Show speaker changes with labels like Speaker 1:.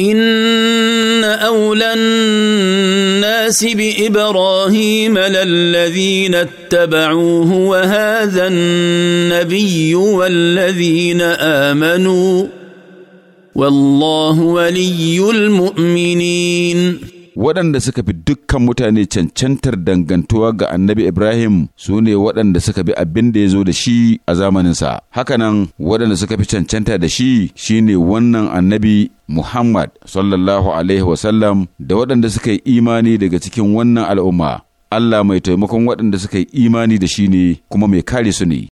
Speaker 1: إن أولى الناس بإبراهيم للذين اتبعوه وهذا النبي والذين آمنوا والله
Speaker 2: ولي
Speaker 3: المؤمنين waɗanda suka fi dukkan mutane cancantar dangantuwa ga annabi Ibrahim su ne waɗanda suka bi abin da ya zo da shi a zamaninsa. Hakanan waɗanda suka fi cancanta da shi shine wannan annabi Muhammad sallallahu Alaihi wasallam da waɗanda suka yi imani daga cikin wannan al'umma. Allah mai taimakon waɗanda suka yi imani da shi ne kuma mai kare su ne.